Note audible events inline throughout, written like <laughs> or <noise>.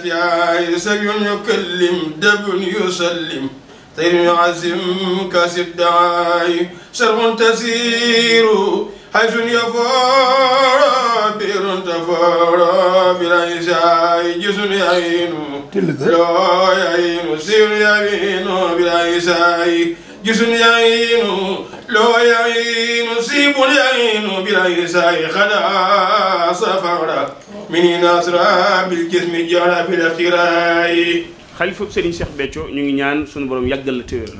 كانت يا يسب يكلم دب يسلم طير يعزم كاسب دعاي شرق تسير حيث يفار بئر تفار بلا إساء جسم يعين لا يعين سير يعين بلا إساء جسم يعين لا يعين سيب يعين بلا إساء خدا سفر min nasra bil jismi jola bi laftiraay xalifa Serigne Cheikh Béthio ñu ngi ñaan suñu boroom yàggal la téwér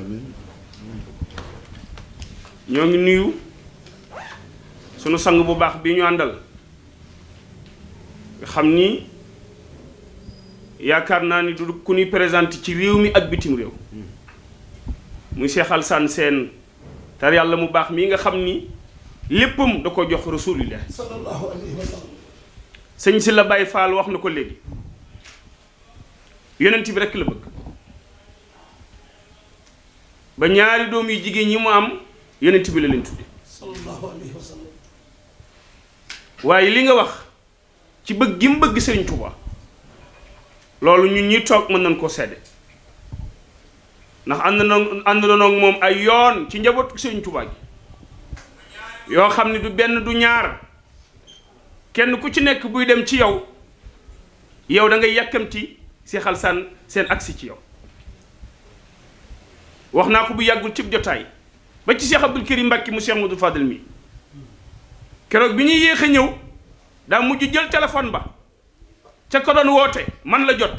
ñoo ngi nuyu sunu sang bu baax bi ñu àndal nga xam ni yaakaar naa ni du ku ñuy présenté ci réew mi ak bitim réew muy Cheikh Alassane Sène tar yàlla mu baax mii nga xam ni léppam da ko jox rasulillah sëñ si la Baye Fall wax na ko léegi yonent bi rekk la bëgg ba ñaari doom yu jigéen ñi mu am yonent bi la leen tudde waaye li nga wax ci bëgg gi mu bëgg sëriñ Tuuba loolu ñu ñi toog mën nañ koo sedd ndax ànd na ànd moom ay yoon ci njabootu sëriñ Tuuba gi yoo xam ne du benn du ñaar kenn ku ci nekk buy dem ci yow yow dangay ngay yàkkamti si seen agsi ci yow wax naa ko bu yàggul cib jotaay ba ci Cheikh Abdoul Karim Mbacke mu Cheikh Modou Fadel mi keroog bi ñuy yéex a ñëw daa mujj jël téléphone ba ca ko doon woote man la jot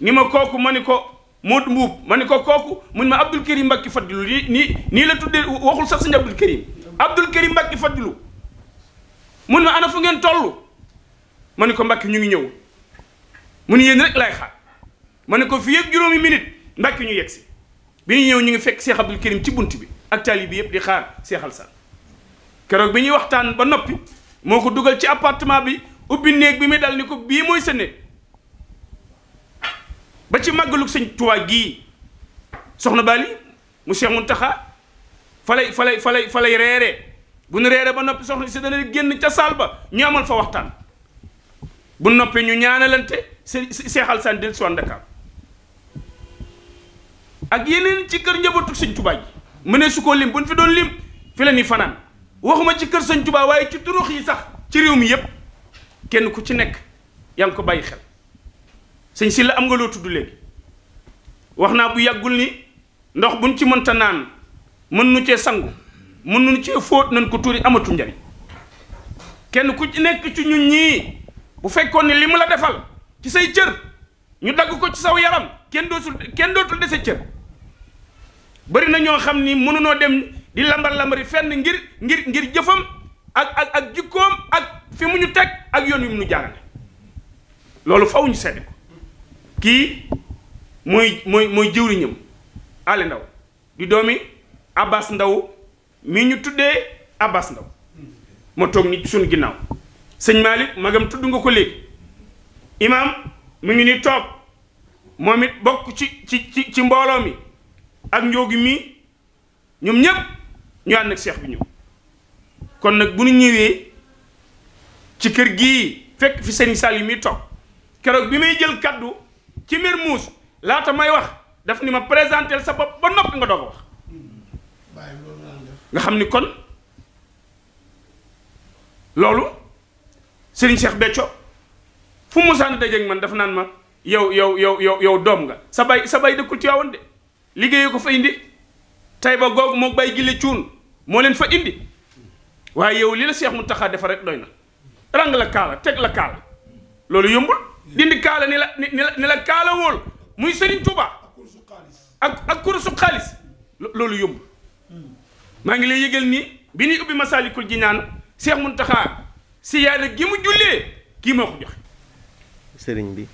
ni ma kooku ma ni ko Modou Mbuub ma ni ko kooku mun ma Abdoul Karim mbàkki Fadilu nii nii la tuddee waxul sax sëñ Abdoul Karim Abdoul Karim Mbacke Fadilu mun ma ana fu ngeen toll ma ne ko mbakki ñu ngi ñëw mun ne yéen rek laay xaar ma ne ko fii yëpp juróomi minute mbakki ñu yegg si bi ñu ñëw ñu ngi fekk Cheikh Abdoul Karim ci bunt bi ak taali bi yëpp di xaar seexal Alassane keroog bi ñuy waxtaan ba noppi moo ko dugal ci appartement bi ubbi néeg bi muy dal ni ko bii mooy sa ba ci màggalug sëñ Tuubaa gii soxna Bali mu Cheikh Mountakha fa falay falay falay reere bu ñu reeree ba noppi soxna si dana génn ca saal ba ñu amal fa waxtaan bu noppee ñu ñaanalante si seexal san del son Dakar ak yeneen ci kër njabootu sëñ Tuubaa yi mu ne su ko lim bu ñu fi doon lim fi la ñuy fanaan waxuma ci kër sañ Tuubaa waaye ci turux yi sax ci réew mi yépp kenn ku ci nekk yaa ngi ko bàyyi xel sëñ si la am nga loo tudd léegi wax naa bu yàggul ni ndox buñ ci mënta naan mën nu cee sangu mën nañu ci fóot nañ ko tuuri amatul njariñ kenn ku ci nekk ci ñu ñii bu fekkoon ni li mu la defal ci say cër ñu dagg ko ci saw yaram kenn dootul kenn dootul dese cër bëri na ñoo xam ni mënunoo dem di lambar lambari fenn ngir ngir ngir jëfam ak ak ak jikkoom ak fi mu ñu teg ak yoon wi mu ñu jaarale loolu faw ñu sedd kii mooy mooy mooy jëwriñam ale ndaw di doomi abbas ndaw mi ñu tuddee abas Ndaw moo toog ni suñ ginnaaw sëñ Malick magam tudd nga ko léegi imaam mu ngi ni toog moom it bokk ci ci ci ci mbooloo mi ak njóogi mii ñoom ñépp ñu ànd ak seex bi ñëw kon nag bu ñu ñëwee ci kër gi fekk fi sëñ Sall yi muy toog keroog bi may jël kaddu ci Mermoz laata may wax daf ni ma présentel sa bopp ba noppi nga doog wax nga xam ni kon loolu Serigne Cheikh Béthio fu mu musaan dajeeg man daf naan ma yow yow yow yow yow doom nga sa bay sa bay dëkkul Tiwaawan de liggéeyee ko fa indi tay ba googu moo bay gile cuun moo leen fa indi waaye yow li la Cheikh Mountakha defa rek doy na rang la kaala teg la kaala loolu yombul dindi kaala ni la ni la kaala wóol muy Serigne Touba ak ak kurusu xaalis loolu yombul maa ngi lay yëgal nii bi ñuy ubbi Masaalikul Jinaan Seex Muntaxa siyaada gi mu jullee kii moo ko joxe sëriñ bi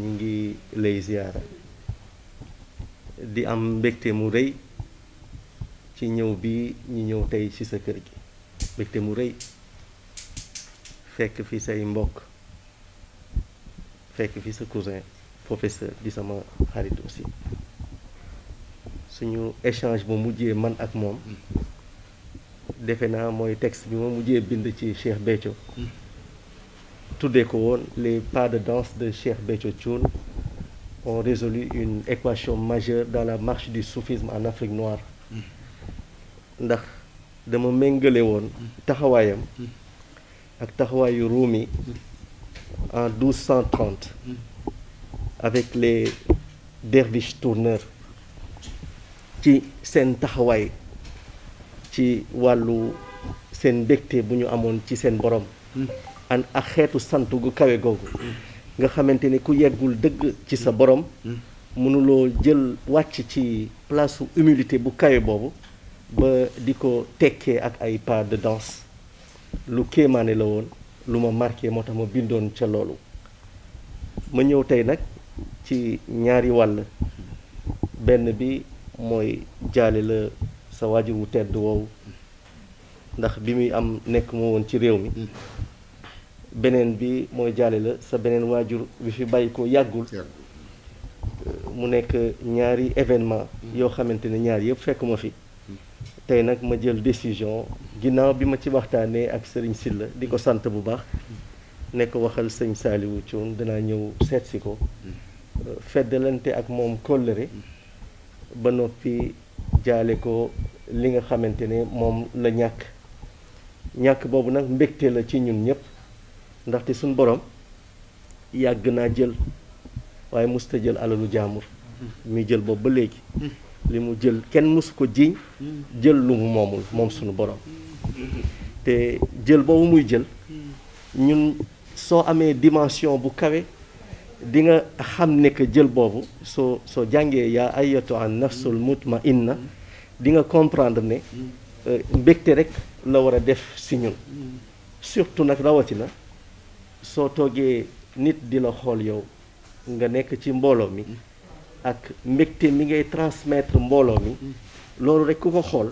ñu ngi lay ziyaara di am mbegte mu rëy ci ñëw bi ñu ñëw tey ci sa kër gi mbégte mu rëy fekk fi say mbokk fekk fi sa cousin professeur di sama xarit aussi suñu échange bu mujjee man ak moom defe naa mooy texte bi ma mujjee bind ci Cheikh Béthio tuddee ko woon les pas de danse de Cheikh Béthio Thioune ont résolu une équation majeure dans la marché du soufisme en Afrique noire ndax dama méngale woon taxawaayam ak taxawaayu Rumi en 1230 avec les derviches tourneurs ci seen taxawaay ci wàllu seen mbégte bu ñu amoon ci seen borom hmm. an ak xeetu sant gu kawe googu hmm. nga xamante ni ku yeggul dëgg ci sa hmm. boroom mënuloo jël wàcc ci place humidité bu kawe boobu ba di ko tekkee ak ay pas de danse lu kéemaane la woon lu ma marqué moo tax ma bindoon ca loolu ma ñëw tey nag ci ñaari wàll benn bi mooy jaale la sa waajur wu tedd woowu ndax bi muy am nekk moo woon ci réew mi mm. beneen bi mooy jaale la sa beneen waajur bi fi bàyyi ko yàggul mu nekk ñaari événement mm. yoo xamante ne ñaari yëpp fekkuma fi mm. tey nag ma jël décision ginnaaw bi ma ci waxtaanee ak Serigne la di ko sant bu baax nekk waxal sëñ Saliou Thioune danaa ñëw seet si ko feddalante ak moom kóllëre ba noppi jaale ko li nga xamante ne moom la ñàkk ñàkk boobu nag mbégte la ci ñun ñëpp ndaxte suñ borom yàgg naa jël waaye musta jël alalu jaamur muy jël boobu ba léegi li mu jël kenn mësu ko jiiñ jël lu mu moomul moom suñu borom te jël boobu muy jël ñun soo amee dimension bu kawe di nga xam ne que jël boobu soo soo jàngee yaa ayatu an nafsul mutma na di nga comprendre ne euh, mbégte rek la war a def si ñun surtout nag rawatina soo toogee nit di la xool yow nga nekk ci mbooloo mi ak mbégte mi ngay transmettre mbooloo mi loolu rek ku ko xool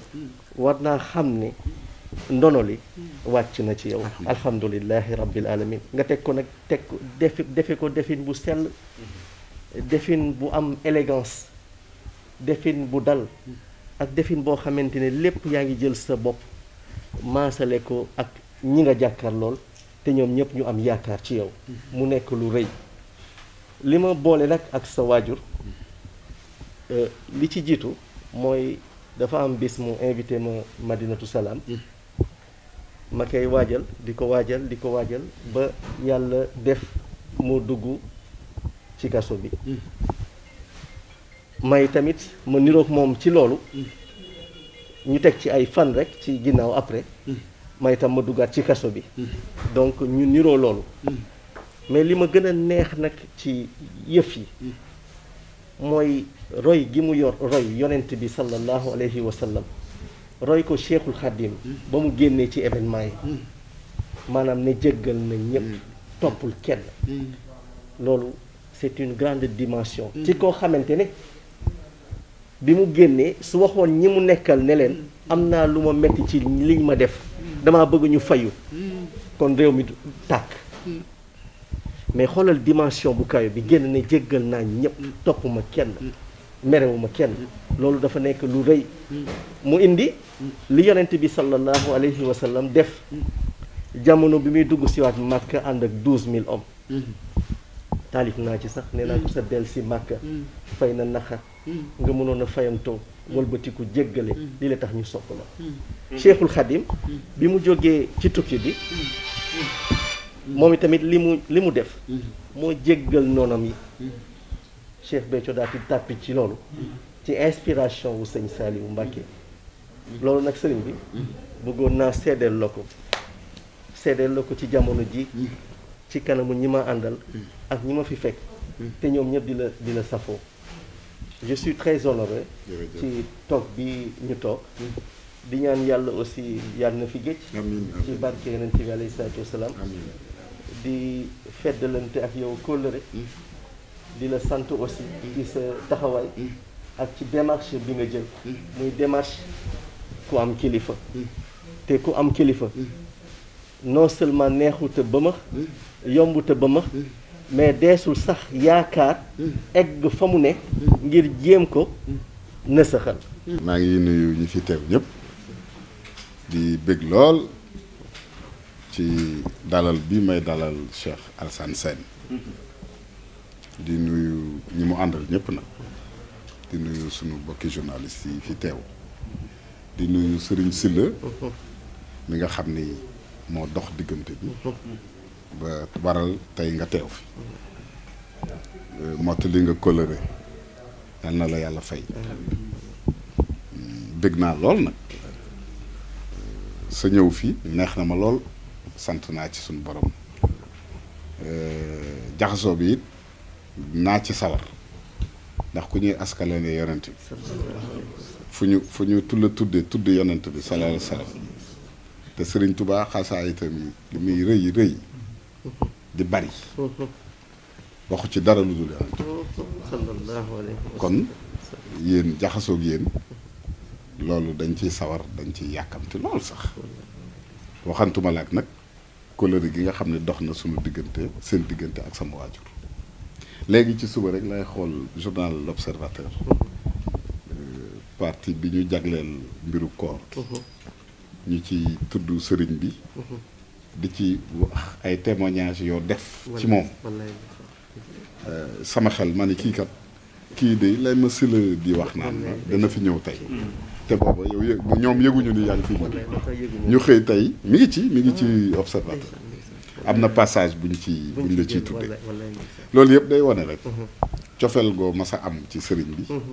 war naa xam ne ndono li wàcc na ci yow alhamdulilahi rabbil alamin nga teg ko nag teg ko defi defe ko defin bu sell defin bu am élégance defin bu dal ak defin boo xamante ne lépp yaa ngi jël sa bopp maasale ko ak ñi nga jàkkar lool te ñoom ñëpp ñu am yaakaar ci yow mm-hmm. mu nekk lu rëy li ma boole nag ak sa waajur mm-hmm. euh, li ci jiitu mooy dafa am bis mu invité Madinatu Salaam mm-hmm. ma koy waajal di ko waajal di ko waajal ba yàlla def mu dugg ci kaso bi mm. may tamit ma niroog moom ci loolu mm. ñu teg ci ay fan rek ci ginnaaw après mm. may tam ma duggaat ci kaso bi donc ñu niroo loolu mais li ma gën a neex nag ci yëf yi mooy roy gi mu yor roy yonent bi sallallahu alayhi wa sallam roy ko Cheikhul Khadim ba mu génnee ci événement yi hmm. maanaam ne jéggal na ñëpp hmm. toppul kenn hmm. loolu c'est une grande dimension ci koo xamante ne bi mu génnee su waxoon ñi mu nekkal ne leen am naa lu ma metti ci liñ ma def damaa bëgg ñu fayu kon réew mi tàkk mais xoolal dimension bu kayo bi génn ne jéggal naa ñëpp toppuma kenn merewuma kenn loolu dafa nekk lu rëy mu indi li yonent bi sallallahu alayhi wa sallam def jamono bi muy dugg siwaat màkk ànd ak douze mille hommes taalif naa ci sax nee naa ko sa del si màkk fay na naxa nga mënoon a fayantoo walbatiku jéggale li la tax ñu sopp la cheikhul xadim bi mu jógee ci tukki bi moom itamit li mu li mu def moo jéggal noonam yi chef Béthio daal tàppi ci loolu ci inspiration wu sëñ Saliou Mbacké loolu nag sëriñ bi bëggoon naa seddeel la ko seddeel la ko ci jamono ji ci kanamu ñi ma àndal ak ñi ma fi fekk te ñoom ñëpp di la di la safoo je suis très honoré ci toog bi ñu toog di ñaan yàlla aussi yàlla na fi géej ci barke yonent bi alayhi salaatu wasalaam di feddalante ak yow kóllëre di la sant aussi ci sa taxawaay ak ci démarche bi nga jël muy démarche ku am kilifa te ku am kilifa non seulement neexuta ba ma yombuta ba ma mais deesul sax yaakaar egg fa mu ne ngir jéem ko nësaxal maa ngi nuyu ñi fi teew ñëpp di bëgg lool ci dalal bi may dalal Cheikh Alassane Sène di nuyu ñi mu àndal ñëpp nag di nuyu sunu bokki journaliste yi fi teew di nuyu Serigne Sylla mi nga xam ni moo dox diggante bi ba waral tey nga teew fi euh, mottali nga coloré yal na la yàlla fay hmm, bëgg naa lool nag sa ñëw fii neex na ma lool sant naa ci suñu borom euh, jaxasoo bi it naa ci sawar ndax ku ñuy askaleene yonent bi fu ñu fu ñu tulla tudde tudd yonent bi sallallahu alayhi wasallam te sëriñ tubaa xasaa itam li muy rëy rëy di bari waxu ci dara lu dul yonent kon yéen jaxasoog yéen loolu dañ ciy sawar dañ ciy yàkkamti loolu sax waxantuma laak nag kóllëre gi nga xam ne dox na sunu diggante seen diggante ak sama waajur léegi ci suba rek lay xool journal l'observateur mhm. euh, parti bi ñu jagleel mbiru koor mhm. ñu ci tudd sëriñ bi mhm. di ci wax ay témoignages yoo def ci moom euh, sama xel ma ne kii kii de lay ma sila di wax naan dana fi ñëw tey te booba yow yëg ñoom yëguñu ni yaa ñu xëy tey mi ngi ci mi ngi ci observateur am na passage buñ ci buñ la ciy tuddee loolu yëpp day wane rek mhm. cofeel goo mas a am ci sëriñ bi mhm.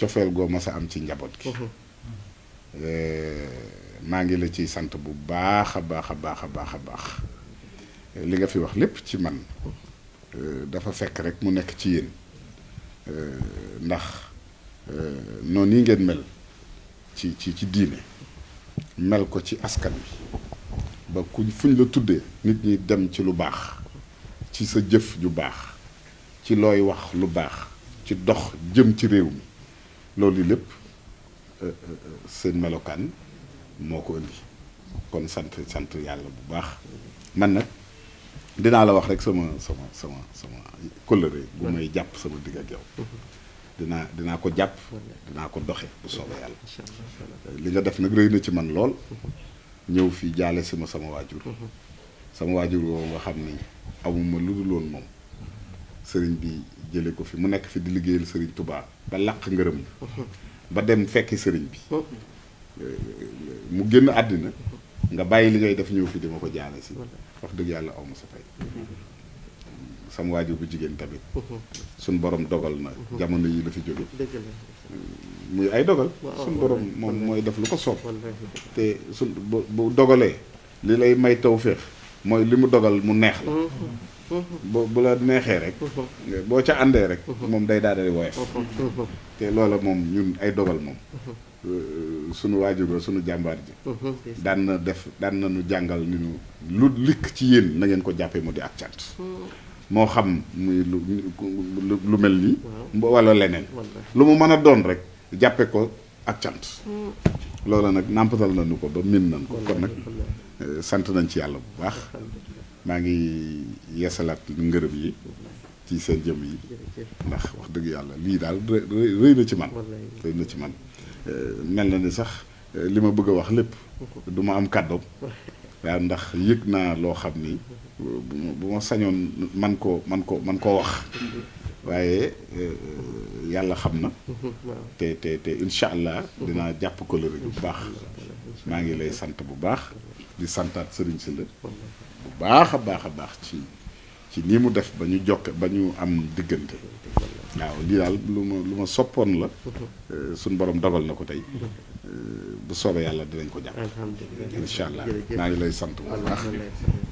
cofeel goo mas a am ci njaboot gi mhm. eh, maa ngi la ci sant bu baax a baax a baax a baax a baax eh, li nga fi wax lépp ci man eh, dafa fekk rek mu nekk ci yéen ndax noonu yi ngeen mel ci ci ci diine mel ko ci askan wi ba ku fuñ la tuddee nit ñi dem ci lu baax ci sa jëf ju baax ci looy wax lu baax ci dox jëm ci réew mi loolu lépp euh, euh, euh, seen melokaan moo ko indi kon sant sant yàlla bu baax man nag dinaa la wax rek sama sama sama sama kóllëre bu may jàpp sama digg ak yow dinaa dinaa ko jàpp dinaa ko doxe bu soobee yàlla li nga def nag rëy na ci man lool ñëw fii jaale si ma sama waajur mhm. sama waajur woowu nga xam ni amuma lu dul woon moom sëriñ bi jële ko fi mu nekk fi di liggéeyal sëriñ tubaa ba làq ngërëm mhm. ba dem fekki sëriñ bi mhm. mu génn àddina nga bàyyi li ngay def ñëw fi dama ko jaale si wax dëgg yàlla awma sa fay sama waajur bu jigéen tamit mhm. suñ borom dogal na mhm. jamono yi la fi jóge muy ay dogal suñ borom moom mooy def lu ko soob te suñ bu dogalee li lay may tawféex mooy li mu dogal mu neex la mhm. bu bu la neexee rek boo ca àndee rek moom day daal di woyof te loola moom ñun ay dogal moom euh, sunu waajur ba sunu jàmbaar ji daan na def daan na nu jàngal ni nu lu likk ci yéen na ngeen ko jàppee mu di ak cant moo xam muy lu lu mel nii. wala leneen. lu mu mën a doon rek jàppe ko ak cant. Mm. loola nag nàmpatal nañu ko ba min nañ ko kon nag eh, sant nañ ci yàlla bu baax maa ngi yeesalaat ngërëm yi ci seen jëm yi ndax wax dëgg yàlla lii daal rëy na ci man rëy na ci man eh, mel na ni sax eh, li ma bëgg a wax lépp mm-hmm. du ma am kàddoom <laughs> waaw ndax yëg naa loo xam ni bu ma sañoon man koo man ko man koo wax waaye euh, yàlla xam na te te te incha allah dinaa jàpp ko kolëre bu baax maa ngi lay sant bu baax di santaat sëriñ si la bu baax a baax a baax ci ci nii mu def ba ñu jokke ba ñu am diggante waaw lii daal lu ma lu ma soppoon la euh, suñ borom dogal na ko tey bu soobee yàlla dinañ ko jàpp. alhamdulilah incha allah maa ngi lay sant bu baax.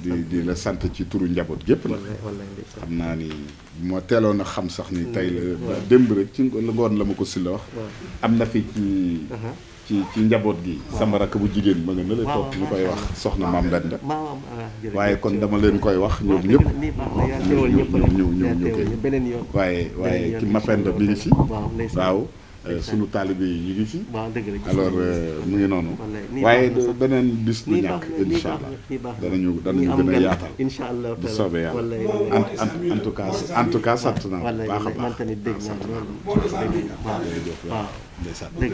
di di la sant ci turu njaboot gépp nag. xam naa ni moo teeloon na xam sax ni mm. tey la. démb rek ci ngoon la ma ko si la wax. am na fi ci. Uh-huh. ci njaboot gi. sama rakk bu jigéen ma nga ne la toog ñu koy wax soxna maam Benda. Ah, waaye kon dama leen koy wax ñoom ñëpp. ñu ñu ñu ñu ñu koy. waaye waaye ci Mapenda mi ngi si. Euh, sunu taalibe yi ñu ngi fi. waaw dëgg la alors euh, mu ngi noonu. waaye beneen bis du ñàkk incha allah danañu danañu gën a yaatal. incha allah soobee yàlla en en tout cas en tout cas sant naa bu baax a baax sant naa bu baax a baax.